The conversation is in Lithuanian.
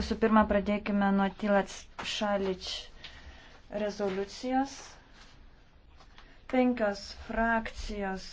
Visų pirma, pradėkime nuo Tilats Šalič rezoliucijos. Penkios frakcijos